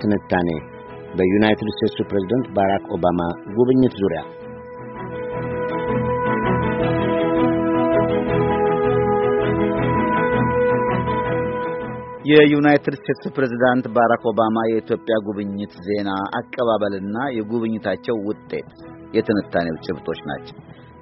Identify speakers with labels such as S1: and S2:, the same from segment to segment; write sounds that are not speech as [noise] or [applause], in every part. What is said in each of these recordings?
S1: ትንታኔ በዩናይትድ ስቴትሱ ፕሬዝደንት ባራክ ኦባማ ጉብኝት ዙሪያ የዩናይትድ ስቴትስ ፕሬዝዳንት ባራክ ኦባማ የኢትዮጵያ ጉብኝት ዜና አቀባበልና የጉብኝታቸው ውጤት የትንታኔው ጭብጦች ናቸው።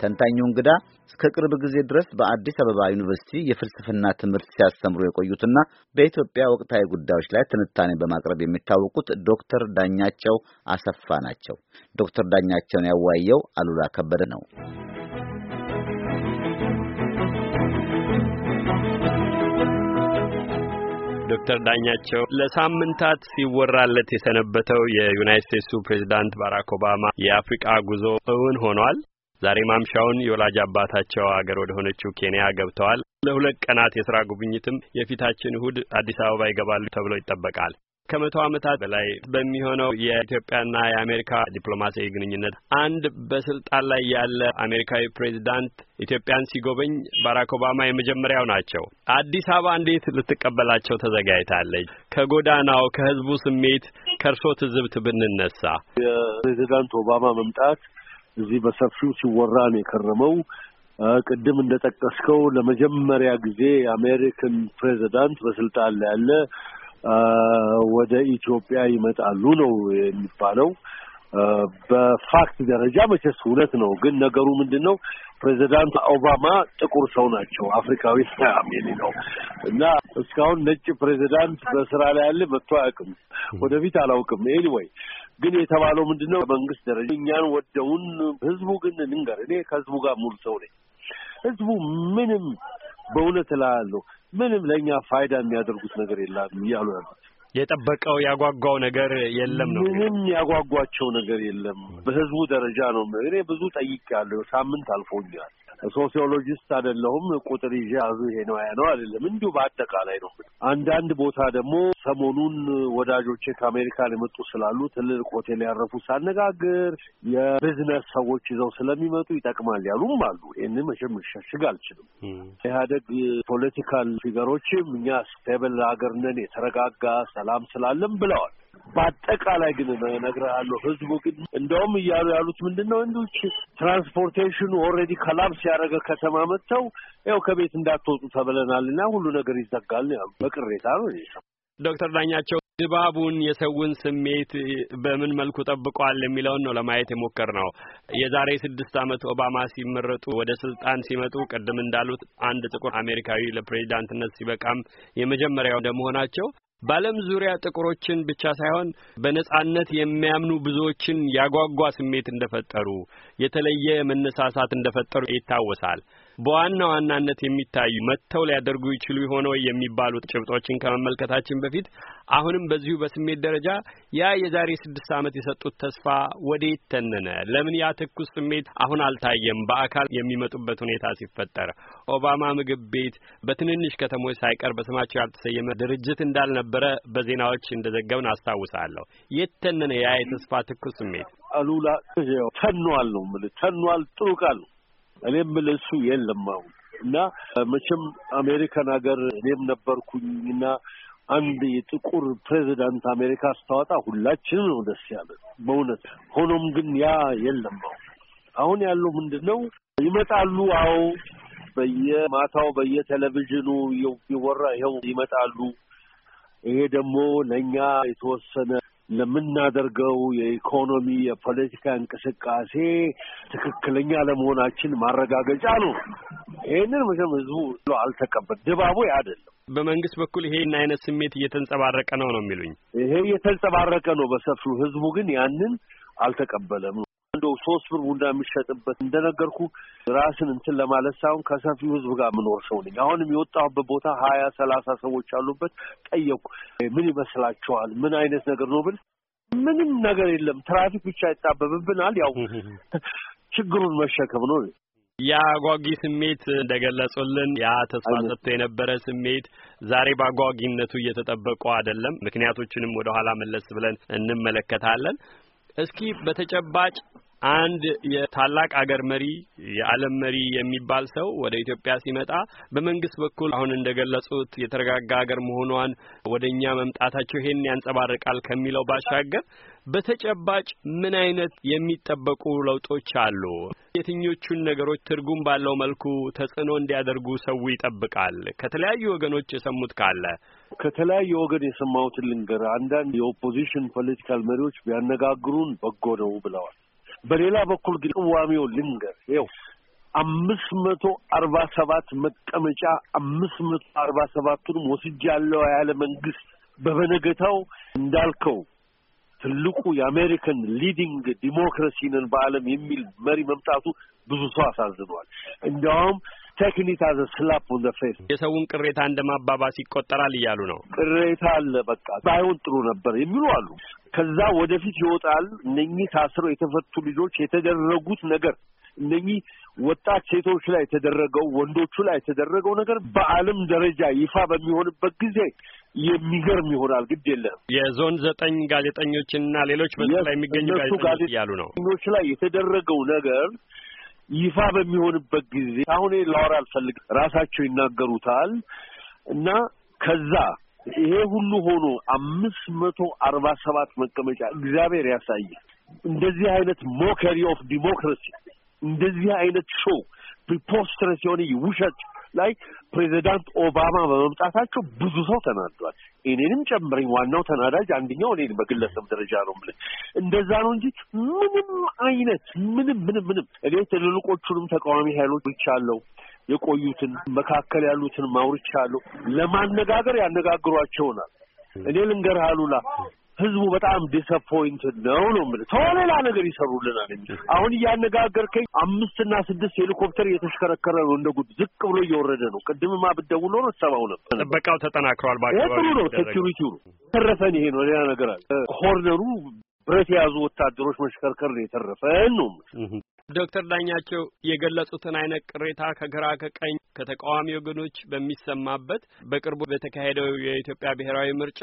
S1: ተንታኙ እንግዳ እስከ ቅርብ ጊዜ ድረስ በአዲስ አበባ ዩኒቨርሲቲ የፍልስፍና ትምህርት ሲያስተምሩ የቆዩትና በኢትዮጵያ ወቅታዊ ጉዳዮች ላይ ትንታኔ በማቅረብ የሚታወቁት ዶክተር ዳኛቸው አሰፋ ናቸው። ዶክተር ዳኛቸውን ያዋየው አሉላ ከበደ ነው። ዶክተር ዳኛቸው ለሳምንታት ሲወራለት የሰነበተው የዩናይት ስቴትሱ ፕሬዚዳንት ባራክ ኦባማ የአፍሪቃ ጉዞ እውን ሆኗል። ዛሬ ማምሻውን የወላጅ አባታቸው አገር ወደ ሆነችው ኬንያ ገብተዋል። ለሁለት ቀናት የስራ ጉብኝትም የፊታችን እሁድ አዲስ አበባ ይገባሉ ተብሎ ይጠበቃል። ከመቶ ዓመታት በላይ በሚሆነው የኢትዮጵያና የአሜሪካ ዲፕሎማሲያዊ ግንኙነት አንድ በስልጣን ላይ ያለ አሜሪካዊ ፕሬዚዳንት ኢትዮጵያን ሲጎበኝ ባራክ ኦባማ የመጀመሪያው ናቸው። አዲስ አበባ እንዴት ልትቀበላቸው ተዘጋጅታለች? ከጎዳናው ከህዝቡ ስሜት ከእርሶ ትዝብት ብንነሳ
S2: የፕሬዚዳንት ኦባማ መምጣት እዚህ በሰፊው ሲወራ ነው የከረመው። ቅድም እንደጠቀስከው ለመጀመሪያ ጊዜ የአሜሪካን ፕሬዚዳንት በስልጣን ላይ ያለ ወደ ኢትዮጵያ ይመጣሉ ነው የሚባለው። በፋክት ደረጃ መቼስ እውነት ነው፣ ግን ነገሩ ምንድን ነው? ፕሬዚዳንት ኦባማ ጥቁር ሰው ናቸው፣ አፍሪካዊ ሳያሜሊ ነው እና እስካሁን ነጭ ፕሬዚዳንት በስራ ላይ ያለ መጥቶ አያውቅም፣ ወደፊት አላውቅም። ኤኒዌይ ግን የተባለው ምንድን ነው? በመንግስት ደረጃ እኛን ወደውን፣ ህዝቡ ግን ልንገር፣ እኔ ከህዝቡ ጋር ሙሉ ሰው ነኝ። ህዝቡ ምንም በእውነት እላለሁ ምንም ለእኛ ፋይዳ የሚያደርጉት ነገር የለም እያሉ ያሉት የጠበቀው ያጓጓው
S1: ነገር የለም ነው። ምንም
S2: ያጓጓቸው ነገር የለም። በህዝቡ ደረጃ ነው። እኔ ብዙ ጠይቄያለሁ። ሳምንት አልፎኛል። ሶሲዮሎጂስት አይደለሁም። ቁጥር ይዤ አዙ ይሄ ነው ያ ነው አይደለም፣ እንዲሁ በአጠቃላይ ነው። አንዳንድ ቦታ ደግሞ ሰሞኑን ወዳጆቼ ከአሜሪካ ሊመጡ ስላሉ ትልልቅ ሆቴል ያረፉ ሳነጋግር የቢዝነስ ሰዎች ይዘው ስለሚመጡ ይጠቅማል ያሉም አሉ። ይህን መቼም ልሸሽግ አልችልም። ኢህአደግ ፖለቲካል ፊገሮችም እኛ ስቴብል ሀገር ነን የተረጋጋ ሰላም ስላለም ብለዋል። በአጠቃላይ ግን እነግርሃለሁ ህዝቡ ግን እንደውም እያሉ ያሉት ምንድን ነው እንዲች ትራንስፖርቴሽኑ ኦልሬዲ ከላብስ ያደረገ ከተማ መጥተው ያው ከቤት እንዳትወጡ ተብለናል እና ሁሉ ነገር ይዘጋል ያሉ በቅሬታ ነው።
S1: ዶክተር ዳኛቸው ድባቡን የሰውን ስሜት በምን መልኩ ጠብቋል የሚለውን ነው ለማየት የሞከር ነው። የዛሬ ስድስት ዓመት ኦባማ ሲመረጡ ወደ ስልጣን ሲመጡ ቅድም እንዳሉት አንድ ጥቁር አሜሪካዊ ለፕሬዚዳንትነት ሲበቃም የመጀመሪያው እንደመሆናቸው በዓለም ዙሪያ ጥቁሮችን ብቻ ሳይሆን በነጻነት የሚያምኑ ብዙዎችን ያጓጓ ስሜት እንደፈጠሩ የተለየ መነሳሳት እንደፈጠሩ ይታወሳል። በዋና ዋናነት የሚታዩ መጥተው ሊያደርጉ ይችሉ የሆነ የሚባሉት ጭብጦችን ከመመልከታችን በፊት አሁንም በዚሁ በስሜት ደረጃ ያ የዛሬ ስድስት ዓመት የሰጡት ተስፋ ወዴት ተነነ? ለምን ያ ትኩስ ስሜት አሁን አልታየም? በአካል የሚመጡበት ሁኔታ ሲፈጠር ኦባማ ምግብ ቤት በትንንሽ ከተሞች ሳይቀር በስማቸው ያልተሰየመ ድርጅት እንዳልነበረ በዜናዎች እንደዘገብን አስታውሳለሁ። የት ተነነ ያ የተስፋ ትኩስ ስሜት?
S2: አሉላ ተኗል ነው የምልህ። ተኗል ጥሩ ቃል ነው። እኔ የምልህ እሱ የለም አሁን እና መቼም አሜሪካን ሀገር እኔም ነበርኩኝ እና አንድ የጥቁር ፕሬዚዳንት አሜሪካ አስታወጣ ሁላችንም ነው ደስ ያለ በእውነት። ሆኖም ግን ያ የለም አሁን አሁን ያለው ምንድን ነው ይመጣሉ። አዎ በየማታው በየቴሌቪዥኑ ይወራ ይኸው ይመጣሉ። ይሄ ደግሞ ለእኛ የተወሰነ ለምናደርገው የኢኮኖሚ የፖለቲካ እንቅስቃሴ ትክክለኛ ለመሆናችን ማረጋገጫ ነው። ይህንን መቼም ህዝቡ አልተቀበል ድባቡ አይደለም።
S1: በመንግስት በኩል ይሄን አይነት ስሜት እየተንጸባረቀ ነው ነው የሚሉኝ።
S2: ይሄ እየተንጸባረቀ ነው በሰፊው ህዝቡ ግን ያንን አልተቀበለም እንደው ሶስት ብር ቡና የሚሸጥበት እንደነገርኩ ራስን እንትን ለማለት ሳይሆን ከሰፊው ህዝብ ጋር የምኖር ሰው ነኝ። አሁንም የወጣሁበት ቦታ ሀያ ሰላሳ ሰዎች አሉበት። ጠየቁ፣ ምን ይመስላችኋል? ምን አይነት ነገር ነው ብል ምንም ነገር የለም ትራፊክ ብቻ ይጣበብብናል። ያው [laughs] ችግሩን መሸከም ነው።
S1: ያ አጓጊ ስሜት እንደገለጹልን ያ ተስፋ ሰጥቶ የነበረ ስሜት ዛሬ በአጓጊነቱ እየተጠበቁ አይደለም። ምክንያቶችንም ወደ ኋላ መለስ ብለን እንመለከታለን። እስኪ በተጨባጭ አንድ የታላቅ አገር መሪ የዓለም መሪ የሚባል ሰው ወደ ኢትዮጵያ ሲመጣ በመንግስት በኩል አሁን እንደገለጹት የተረጋጋ አገር መሆኗን ወደ እኛ መምጣታቸው ይሄን ያንጸባርቃል ከሚለው ባሻገር በተጨባጭ ምን አይነት የሚጠበቁ ለውጦች አሉ? የትኞቹን ነገሮች ትርጉም ባለው መልኩ ተጽዕኖ እንዲያደርጉ ሰው ይጠብቃል? ከተለያዩ ወገኖች የሰሙት ካለ
S2: ከተለያዩ ወገን የሰማሁትን ልንገር። አንዳንድ የኦፖዚሽን ፖለቲካል መሪዎች ቢያነጋግሩን በጎ ነው ብለዋል። በሌላ በኩል ግን ቅዋሜው ልንገር ይኸው አምስት መቶ አርባ ሰባት መቀመጫ አምስት መቶ አርባ ሰባቱንም ወስጃለሁ ያለ መንግስት በበነገታው እንዳልከው ትልቁ የአሜሪካን ሊዲንግ ዲሞክራሲንን ነን በዓለም የሚል መሪ መምጣቱ ብዙ ሰው አሳዝኗል። እንዲያውም ቴክኒት አዘ ስላፕ ኦን ዘ ፌስ
S1: የሰውን ቅሬታ እንደማባባስ ይቆጠራል እያሉ ነው።
S2: ቅሬታ አለ በቃ ባይሆን ጥሩ ነበር የሚሉ አሉ። ከዛ ወደፊት ይወጣል። እነኚህ ታስረው የተፈቱ ልጆች የተደረጉት ነገር እነኚህ ወጣት ሴቶች ላይ የተደረገው ወንዶቹ ላይ የተደረገው ነገር በዓለም ደረጃ ይፋ በሚሆንበት ጊዜ የሚገርም ይሆናል። ግድ የለም
S1: የዞን ዘጠኝ
S2: ጋዜጠኞችና ሌሎች በዚህ ላይ የሚገኙ ጋዜጠኞች ያሉ ነው ኞች ላይ የተደረገው ነገር ይፋ በሚሆንበት ጊዜ አሁን ላወራ አልፈልግ ራሳቸው ይናገሩታል እና ከዛ ይሄ ሁሉ ሆኖ አምስት መቶ አርባ ሰባት መቀመጫ እግዚአብሔር ያሳየ እንደዚህ አይነት ሞከሪ ኦፍ ዲሞክራሲ እንደዚህ አይነት ሾው ፕሪፖስትረስ የሆነ ውሸት ላይ ፕሬዚዳንት ኦባማ በመምጣታቸው ብዙ ሰው ተናዷል። እኔንም ጨምረኝ። ዋናው ተናዳጅ አንደኛው እኔ በግለሰብ ደረጃ ነው የምልህ። እንደዛ ነው እንጂ ምንም አይነት ምንም ምንም ምንም እኔ ትልልቆቹንም ተቃዋሚ ኃይሎች አለው የቆዩትን መካከል ያሉትን ማውርቻ አለው ለማነጋገር ያነጋግሯቸውናል። እኔ ልንገርህ አሉላ ህዝቡ በጣም ዲስአፖይንትድ ነው ነው የምልህ። ተው ሌላ ነገር ይሰሩልናል። አሁን እያነጋገርከኝ አምስትና ስድስት ሄሊኮፕተር እየተሽከረከረ ነው እንደ ጉድ ዝቅ ብሎ እየወረደ ነው። ቅድምማ ብትደውል ኖሮ ሰማው ነበር። ጥበቃው ተጠናክሯል። ጥሩ ነው። ሴኪሪቲው ነው ተረፈን። ይሄ ነው ሌላ ነገር አለ። ኮርነሩ ብረት የያዙ ወታደሮች መሽከርከር ነው የተረፈን ነው ዶክተር
S1: ዳኛቸው የገለጹትን አይነት ቅሬታ ከግራ ከቀኝ ከተቃዋሚ ወገኖች በሚሰማበት በቅርቡ በተካሄደው የኢትዮጵያ ብሔራዊ ምርጫ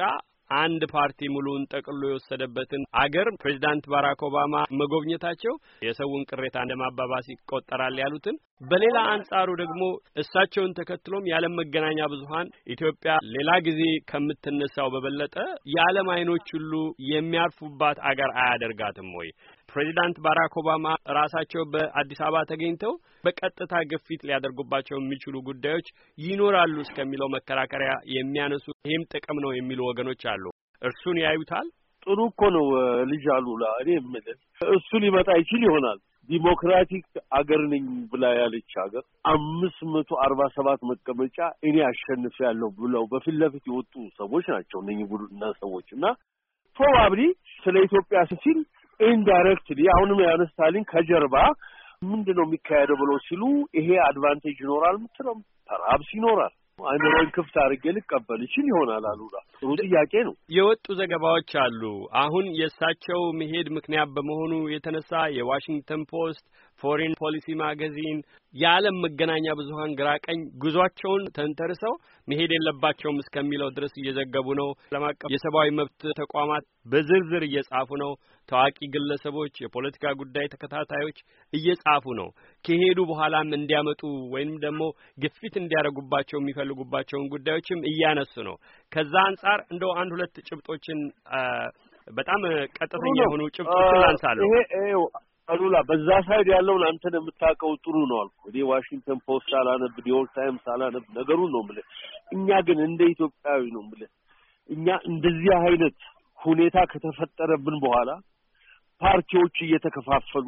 S1: አንድ ፓርቲ ሙሉውን ጠቅሎ የወሰደበትን አገር ፕሬዚዳንት ባራክ ኦባማ መጎብኘታቸው የሰውን ቅሬታ ማባባስ ይቆጠራል ያሉትን፣ በሌላ አንጻሩ ደግሞ እሳቸውን ተከትሎም የዓለም መገናኛ ብዙኃን ኢትዮጵያ ሌላ ጊዜ ከምትነሳው በበለጠ የዓለም አይኖች ሁሉ የሚያርፉባት አገር አያደርጋትም ወይ? ፕሬዚዳንት ባራክ ኦባማ ራሳቸው በአዲስ አበባ ተገኝተው በቀጥታ ግፊት ሊያደርጉባቸው የሚችሉ ጉዳዮች ይኖራሉ እስከሚለው መከራከሪያ የሚያነሱ ይህም ጥቅም ነው የሚሉ ወገኖች አሉ። እርሱን ያዩታል?
S2: ጥሩ እኮ ነው ልጅ አሉላ። እኔ የምልህ እሱ ሊመጣ ይችል ይሆናል። ዲሞክራቲክ አገር ነኝ ብላ ያለች ሀገር አምስት መቶ አርባ ሰባት መቀመጫ እኔ አሸንፍ ያለው ብለው በፊት ለፊት የወጡ ሰዎች ናቸው እነኝህ ቡድና ሰዎች እና ፕሮባብሊ ስለ ኢትዮጵያ ሲል ኢንዳይሬክትሊ አሁንም ያነ ስታሊን ከጀርባ ምንድን ነው የሚካሄደው ብለው ሲሉ ይሄ አድቫንቴጅ ይኖራል ምትለው ተራብስ ይኖራል። አይምሮን ክፍት አድርጌ ልቀበል ይችል ይሆናል። አሉ። ጥሩ ጥያቄ ነው።
S1: የወጡ ዘገባዎች አሉ። አሁን የእሳቸው መሄድ ምክንያት በመሆኑ የተነሳ የዋሽንግተን ፖስት ፎሪን ፖሊሲ ማጋዚን፣ የዓለም መገናኛ ብዙሃን ግራቀኝ ጉዟቸውን ተንተርሰው መሄድ የለባቸውም እስከሚለው ድረስ እየዘገቡ ነው። ዓለም አቀፍ የሰብአዊ መብት ተቋማት በዝርዝር እየጻፉ ነው። ታዋቂ ግለሰቦች፣ የፖለቲካ ጉዳይ ተከታታዮች እየጻፉ ነው። ከሄዱ በኋላም እንዲያመጡ ወይም ደግሞ ግፊት እንዲያደርጉባቸው የሚፈልጉባቸውን ጉዳዮችም እያነሱ ነው። ከዛ አንጻር እንደው አንድ ሁለት ጭብጦችን
S2: በጣም ቀጥተኛ የሆኑ ጭብጦችን አንሳለሁ። አሉላ በዛ ሳይድ ያለውን አንተን የምታውቀው ጥሩ ነው አልኩ። እኔ ዋሽንግተን ፖስት አላነብ፣ ኒውዮርክ ታይምስ አላነብ፣ ነገሩን ነው የምልህ። እኛ ግን እንደ ኢትዮጵያዊ ነው የምልህ። እኛ እንደዚህ አይነት ሁኔታ ከተፈጠረብን በኋላ ፓርቲዎች እየተከፋፈሉ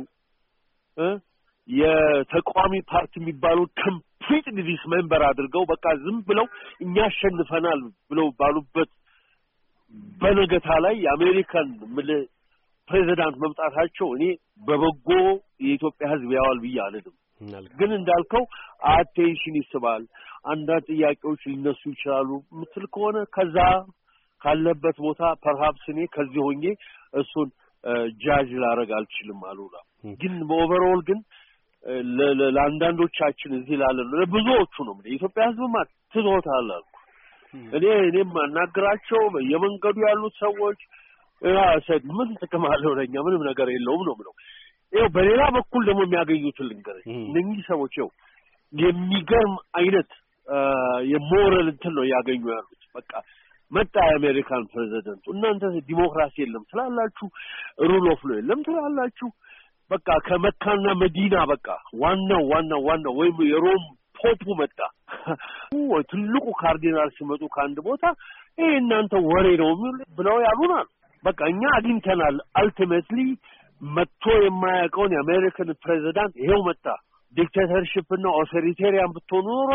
S2: የተቃዋሚ ፓርቲ የሚባሉት ኮምፕሊት ዲቪስ ሜምበር አድርገው በቃ ዝም ብለው እኛ አሸንፈናል ብለው ባሉበት በነገታ ላይ የአሜሪካን ምልህ ፕሬዚዳንት መምጣታቸው እኔ በበጎ የኢትዮጵያ ሕዝብ ያዋል ብዬ አልልም። ግን እንዳልከው አቴንሽን ይስባል። አንዳንድ ጥያቄዎች ሊነሱ ይችላሉ ምትል ከሆነ ከዛ ካለበት ቦታ ፐርሃፕስ እኔ ከዚህ ሆኜ እሱን ጃጅ ላደርግ አልችልም። አሉላ ግን በኦቨርኦል ግን ለአንዳንዶቻችን እዚህ ላለን ብዙዎቹ ነው የኢትዮጵያ ህዝብ ማ ትቶታል አልኩ እኔ እኔም አናግራቸው የመንገዱ ያሉት ሰዎች ምን ጥቅም አለው ምንም ነገር የለውም ነው ምለው። ይኸው በሌላ በኩል ደግሞ የሚያገኙትን ልንገርህ። እነኚህ ሰዎች ይኸው የሚገርም አይነት የሞራል እንትን ነው እያገኙ ያሉት። በቃ መጣ የአሜሪካን ፕሬዚደንቱ። እናንተ ዲሞክራሲ የለም ትላላችሁ፣ ሩል ኦፍ ሎ የለም ትላላችሁ። በቃ ከመካና መዲና በቃ ዋናው ዋናው ዋናው ወይም የሮም ፖፑ መጣ። ትልቁ ካርዲናል ሲመጡ ከአንድ ቦታ ይሄ እናንተ ወሬ ነው ብለው ያሉናል። በቃ እኛ አግኝተናል። አልቲሜትሊ መጥቶ የማያውቀውን የአሜሪካን ፕሬዚዳንት ይሄው መጣ። ዲክቴተርሽፕና ኦቶሪቴሪያን ብትሆኑ ኖሮ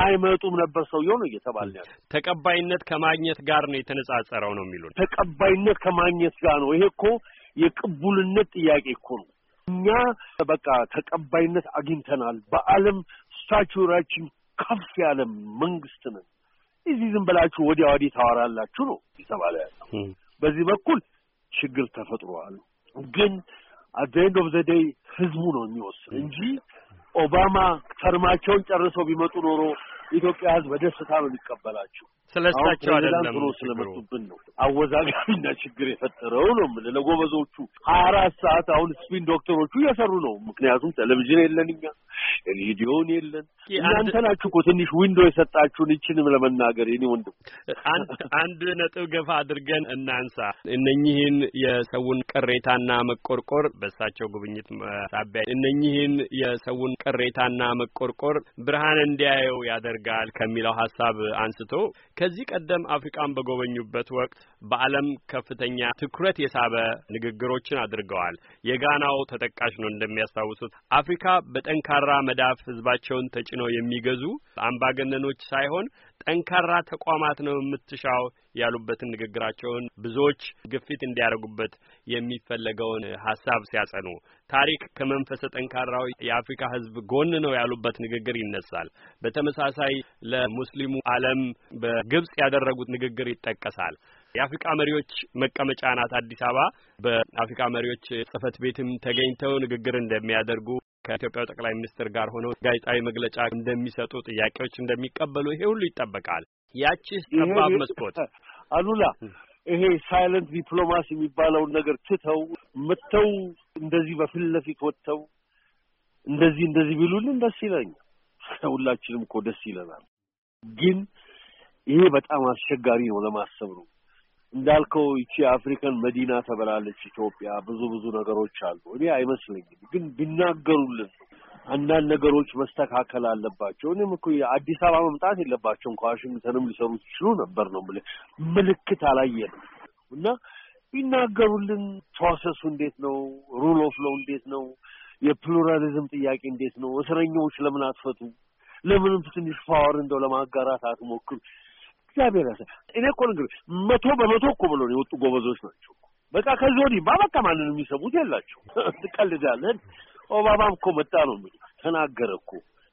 S2: አይመጡም ነበር ሰውየው ነው እየተባለ ያለ
S1: ተቀባይነት ከማግኘት ጋር ነው የተነጻጸረው ነው የሚሉት።
S2: ተቀባይነት ከማግኘት ጋር ነው። ይሄ እኮ የቅቡልነት ጥያቄ እኮ ነው። እኛ በቃ ተቀባይነት አግኝተናል። በዓለም ስታቹራችን ከፍ ያለ መንግስት ነን። እዚህ ዝም ብላችሁ ወዲያ ወዲህ ታወራላችሁ ነው የተባለ ያለው። በዚህ በኩል ችግር ተፈጥሯል። ግን አደንድ ኦፍ ዘደይ ህዝቡ ነው የሚወስን እንጂ ኦባማ ተርማቸውን ጨርሰው ቢመጡ ኖሮ ኢትዮጵያ ህዝብ በደስታ ነው የሚቀበላቸው። ስለሳቸው አይደለም ብሎ ስለመጡብን ነው አወዛጋቢና ችግር የፈጠረው ነው ምን ለጎበዞቹ ሀያ አራት ሰዓት አሁን ስፒን ዶክተሮቹ እየሰሩ ነው። ምክንያቱም ቴሌቪዥን የለን እኛ ሬዲዮን የለን። እናንተ ናችሁ እኮ ትንሽ ዊንዶ የሰጣችሁን ይችንም ለመናገር የኔ ወንድም
S1: [laughs] አንድ ነጥብ ገፋ አድርገን እናንሳ። እነኚህን የሰውን ቅሬታና መቆርቆር በእሳቸው ጉብኝት ሳቢያ እነኚህን የሰውን ቅሬታና መቆርቆር ብርሃን እንዲያየው ያደርጋል ከሚለው ሀሳብ አንስቶ ከዚህ ቀደም አፍሪካን በጎበኙበት ወቅት በዓለም ከፍተኛ ትኩረት የሳበ ንግግሮችን አድርገዋል። የጋናው ተጠቃሽ ነው። እንደሚያስታውሱት አፍሪካ በጠንካራ መዳፍ ህዝባቸውን ተጭነው የሚገዙ አምባገነኖች ሳይሆን ጠንካራ ተቋማት ነው የምትሻው ያሉበትን ንግግራቸውን ብዙዎች ግፊት እንዲያደርጉበት የሚፈለገውን ሀሳብ ሲያጸኑ ታሪክ ከመንፈሰ ጠንካራው የአፍሪካ ሕዝብ ጎን ነው ያሉበት ንግግር ይነሳል። በተመሳሳይ ለሙስሊሙ ዓለም በግብጽ ያደረጉት ንግግር ይጠቀሳል። የአፍሪካ መሪዎች መቀመጫ ናት አዲስ አበባ። በአፍሪካ መሪዎች ጽህፈት ቤትም ተገኝተው ንግግር እንደሚያደርጉ ከኢትዮጵያው ጠቅላይ ሚኒስትር ጋር ሆነው ጋዜጣዊ መግለጫ እንደሚሰጡ፣ ጥያቄዎች እንደሚቀበሉ ይሄ ሁሉ ይጠበቃል። ያቺ ጠባብ መስኮት
S2: አሉላ ይሄ ሳይለንት ዲፕሎማሲ የሚባለውን ነገር ትተው መጥተው እንደዚህ በፊት ለፊት ወጥተው እንደዚህ እንደዚህ ቢሉልን ደስ ይለኛል። ሁላችንም እኮ ደስ ይለናል። ግን ይሄ በጣም አስቸጋሪ ነው ለማሰብ ነው። እንዳልከው ይቺ አፍሪካን መዲና ተበላለች ኢትዮጵያ። ብዙ ብዙ ነገሮች አሉ። እኔ አይመስለኝም፣ ግን ቢናገሩልን አንዳንድ ነገሮች መስተካከል አለባቸው። እኔም እኮ አዲስ አበባ መምጣት የለባቸውም ከዋሽንግተንም ሊሰሩ ይችሉ ነበር ነው የምልህ። ምልክት አላየንም እና ቢናገሩልን ፕሮሰሱ እንዴት ነው? ሩል ኦፍ ሎው እንዴት ነው? የፕሉራሊዝም ጥያቄ እንዴት ነው? እስረኞች ለምን አትፈቱ? ለምንም ትንሽ ፓወር እንደው ለማጋራት አትሞክሩ? እግዚአብሔር ያሰ እኔ እኮ ንግ መቶ በመቶ እኮ ብሎ ነው የወጡ ጎበዞች ናቸው። በቃ ከዚህ ወዲህ ማ በቃ ማንን የሚሰሙት የላቸው። [laughs] ትቀልዳለን። ኦባማም እኮ መጣ ነው የሚ ተናገረ እኮ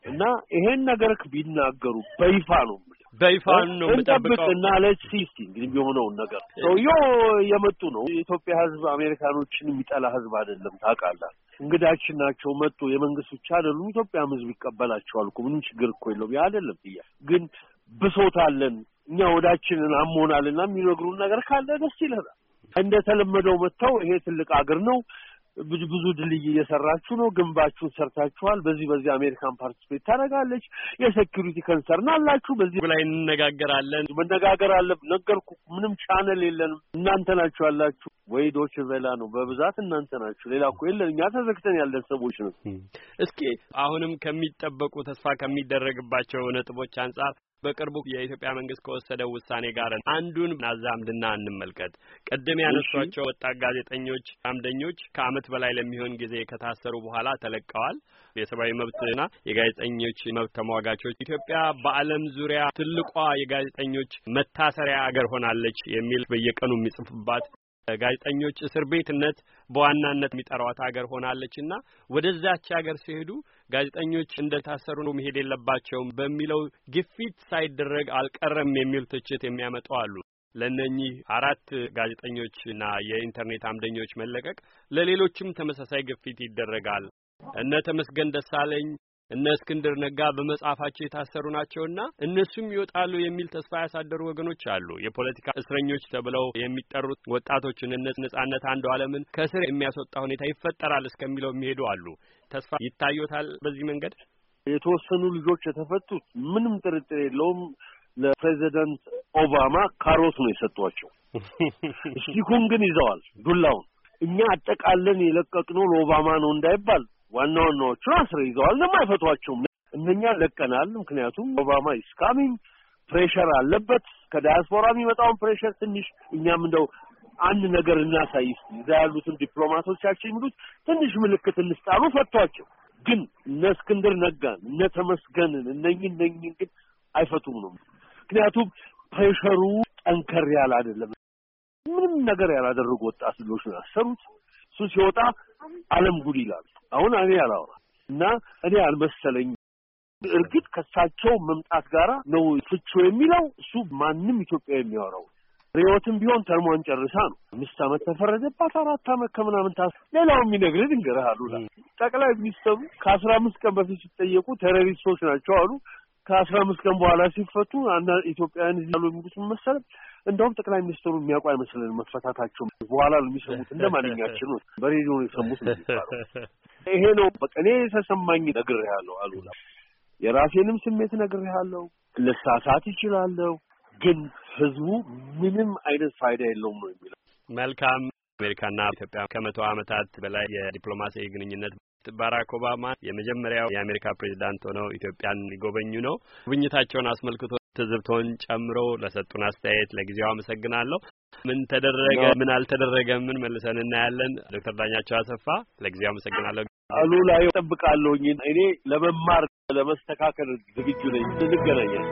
S2: እና ይሄን ነገር ቢናገሩ በይፋ ነው በይፋ ነው የምጠብቀው። እና ለች ሲስቲ እንግዲህ የሆነውን ነገር ሰውዬው የመጡ ነው። የኢትዮጵያ ሕዝብ አሜሪካኖችን የሚጠላ ሕዝብ አይደለም። ታውቃለህ፣ እንግዳችን ናቸው። መጡ የመንግስት ብቻ አይደሉም። ኢትዮጵያም ሕዝብ ይቀበላቸዋል እኮ ምንም ችግር እኮ የለውም። ያ አይደለም ጥያቄ። ግን ብሶታለን እኛ ወዳችንን አሞናልና የሚነግሩን ነገር ካለ ደስ ይለናል። እንደተለመደው መጥተው ይሄ ትልቅ አገር ነው ብዙ ድልድይ እየሰራችሁ ነው፣ ግንባችሁን ሰርታችኋል፣ በዚህ በዚህ አሜሪካን ፓርቲስፔት ታደርጋለች፣ የሴኪሪቲ ከንሰርን አላችሁ፣ በዚህ ላይ እንነጋገራለን። መነጋገር አለ ነገርኩ። ምንም ቻነል የለንም። እናንተ ናችሁ ያላችሁ ወይ ዶች ቬላ ነው በብዛት እናንተ ናችሁ። ሌላ እኮ የለን። እኛ ተዘግተን ያለን ሰዎች ነው። እስኪ
S1: አሁንም ከሚጠበቁ ተስፋ ከሚደረግባቸው ነጥቦች አንጻር በቅርቡ የኢትዮጵያ መንግስት ከወሰደው ውሳኔ ጋር አንዱን አዛምድና እንመልከት። ቅድም ያነሷቸው ወጣት ጋዜጠኞች አምደኞች ከአመት በላይ ለሚሆን ጊዜ ከታሰሩ በኋላ ተለቀዋል። የሰብአዊ መብትና የጋዜጠኞች መብት ተሟጋቾች ኢትዮጵያ በዓለም ዙሪያ ትልቋ የጋዜጠኞች መታሰሪያ አገር ሆናለች የሚል በየቀኑ የሚጽፉባት ጋዜጠኞች እስር ቤትነት በዋናነት የሚጠሯት ሀገር ሆናለች እና ወደዛች ሀገር ሲሄዱ ጋዜጠኞች እንደታሰሩ መሄድ የለባቸውም በሚለው ግፊት ሳይደረግ አልቀረም የሚል ትችት የሚያመጡ አሉ። ለእነኚህ አራት ጋዜጠኞችና የኢንተርኔት አምደኞች መለቀቅ ለሌሎችም ተመሳሳይ ግፊት ይደረጋል። እነ ተመስገን ደሳለኝ እነ እስክንድር ነጋ በመጽሐፋቸው የታሰሩ ናቸውና እነሱም ይወጣሉ የሚል ተስፋ ያሳደሩ ወገኖች አሉ። የፖለቲካ እስረኞች ተብለው የሚጠሩት ወጣቶችን እነ ነጻነት አንዱ አለምን ከስር የሚያስወጣ ሁኔታ ይፈጠራል እስከሚለው የሚሄዱ አሉ። ተስፋ ይታዩታል።
S2: በዚህ መንገድ የተወሰኑ ልጆች የተፈቱት ምንም ጥርጥር የለውም ለፕሬዚደንት ኦባማ ካሮት ነው የሰጧቸው። [laughs] ስቲኩን ግን ይዘዋል ዱላውን። እኛ አጠቃለን የለቀቅነው ለኦባማ ነው እንዳይባል ዋና ዋናዎቹን አስረይዘዋል። ለምን አይፈቷቸውም? እነኛን ለቀናል። ምክንያቱም ኦባማ ኢስካሚንግ ፕሬሸር አለበት። ከዳያስፖራ የሚመጣውን ፕሬሽር ትንሽ እኛም እንደው አንድ ነገር እናሳይ እስኪ እዛ ያሉትን ዲፕሎማቶቻችን የሚሉት ትንሽ ምልክት እንስጣሉ። ፈቷቸው ግን እነ እስክንድር ነጋን እነ ተመስገንን እነኝን እነኝን ግን አይፈቱም ነው። ምክንያቱም ፕሬሸሩ ጠንከር ያለ አይደለም። ምንም ነገር ያላደረጉ ወጣት ልጆች ነው ያሰሩት። እሱ ሲወጣ አለም ጉድ ይላል። አሁን እኔ አላወራ እና እኔ አልመሰለኝ። እርግጥ ከሳቸው መምጣት ጋራ ነው ፍቹ የሚለው እሱ ማንም ኢትዮጵያ የሚያወራው ሪዮትም ቢሆን ተርሟን ጨርሳ ነው። አምስት ዓመት ተፈረደባት፣ አራት አመት ከምናምን ታ ሌላው የሚነግር ልንገርህ አሉ። ጠቅላይ ሚኒስተሩ ከአስራ አምስት ቀን በፊት ሲጠየቁ ቴሮሪስቶች ናቸው አሉ። ከአስራ አምስት ቀን በኋላ ሲፈቱ አንዳንድ ኢትዮጵያውያን እዚህ ያሉ የሚሉት መሰለህ እንደውም ጠቅላይ ሚኒስትሩ የሚያውቁ አይመስልንም መፈታታቸው በኋላ ነው የሚሰሙት እንደ ማንኛችን ነው በሬዲዮ ነው የሰሙት ነው ይሄ ነው በቃ እኔ የተሰማኝ ነግሬሃለሁ አሉላ የራሴንም ስሜት ነግሬሃለሁ ልሳሳት ይችላለሁ ግን ህዝቡ ምንም አይነት ፋይዳ የለውም ነው የሚለው
S1: መልካም አሜሪካና ኢትዮጵያ ከመቶ ዓመታት በላይ የዲፕሎማሲያዊ ግንኙነት ባራክ ኦባማ የመጀመሪያው የአሜሪካ ፕሬዚዳንት ሆነው ኢትዮጵያን ሊጎበኙ ነው። ጉብኝታቸውን አስመልክቶ ትዝብቶን ጨምሮ ለሰጡን አስተያየት ለጊዜው አመሰግናለሁ። ምን ተደረገ፣ ምን አልተደረገ፣ ምን መልሰን እናያለን። ዶክተር ዳኛቸው አሰፋ ለጊዜው አመሰግናለሁ።
S2: ላይ እጠብቃለሁኝ። እኔ ለመማር ለመስተካከል ዝግጁ ነኝ። እንገናኛለን።